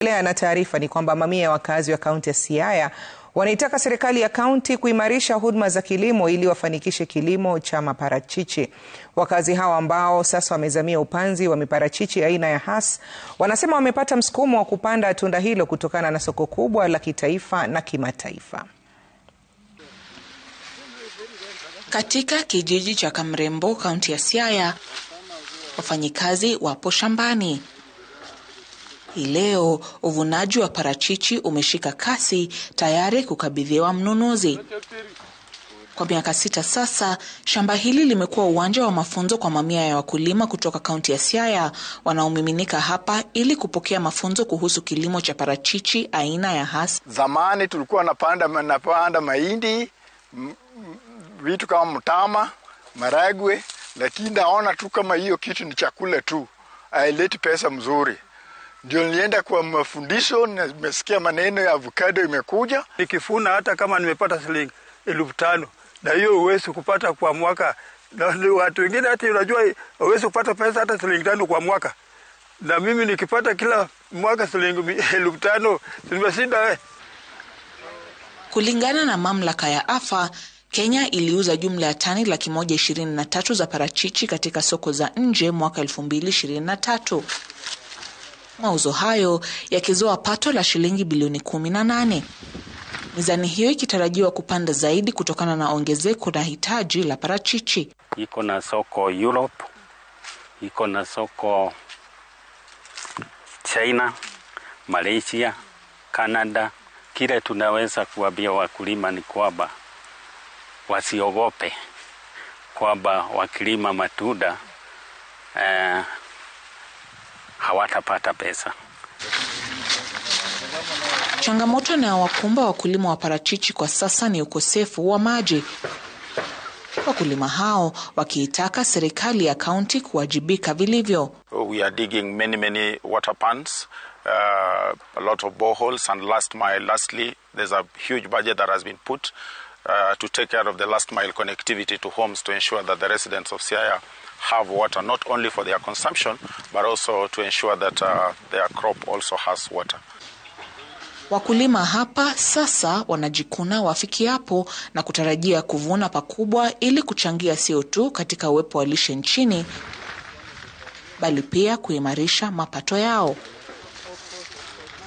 Endelea na taarifa ni kwamba mamia ya wakazi wa kaunti ya Siaya wanaitaka serikali ya kaunti kuimarisha huduma za kilimo ili wafanikishe kilimo cha maparachichi. Wakazi hao ambao sasa wamezamia upanzi wa miparachichi aina ya Hass wanasema wamepata msukumo wa kupanda tunda hilo kutokana na soko kubwa la kitaifa na kimataifa. Katika kijiji cha Kamrembo, kaunti ya Siaya, wafanyikazi wapo shambani hii leo uvunaji wa parachichi umeshika kasi tayari kukabidhiwa mnunuzi. Kwa miaka sita sasa, shamba hili limekuwa uwanja wa mafunzo kwa mamia ya wakulima kutoka kaunti ya Siaya wanaomiminika hapa ili kupokea mafunzo kuhusu kilimo cha parachichi aina ya hasa. Zamani tulikuwa napanda, napanda mahindi, vitu kama mtama, maragwe, lakini naona tu kama hiyo kitu ni chakula tu, haileti pesa mzuri ndio nilienda kwa mafundisho, nimesikia maneno ya avocado imekuja, nikifuna hata kama nimepata shilingi elfu tano na hiyo huwezi kupata kwa mwaka. Na watu wengine hata unajua huwezi kupata pesa hata shilingi tano kwa mwaka, na mimi nikipata kila mwaka shilingi elfu tano nimeshinda we. Eh. Kulingana na mamlaka ya AFA, Kenya iliuza jumla ya tani laki moja ishirini na tatu za parachichi katika soko za nje mwaka elfu mbili ishirini na tatu mauzo hayo yakizoa pato la shilingi bilioni kumi na nane mizani hiyo ikitarajiwa kupanda zaidi kutokana na ongezeko la hitaji la parachichi. Iko na soko Europe, iko na soko China, Malaysia, Canada. Kile tunaweza kuambia wakulima ni kwamba wasiogope kwamba wakilima matunda eh, hawatapata pesa. Changamoto inayowakumba wakulima wa parachichi kwa sasa ni ukosefu wa maji, wakulima hao wakiitaka serikali ya kaunti kuwajibika vilivyo. We are digging many, many water ponds. uh, a lot of boreholes and last mile, lastly, there's a huge budget that has been put uh, to take care of the last mile connectivity to homes to ensure that the residents of Siaya have water not only for their consumption but also to ensure that uh, their crop also has water. Wakulima hapa sasa wanajikuna wafikiapo na kutarajia kuvuna pakubwa ili kuchangia sio tu katika uwepo wa lishe nchini bali pia kuimarisha mapato yao.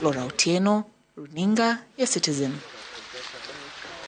Lora Otieno, Runinga ya Citizen.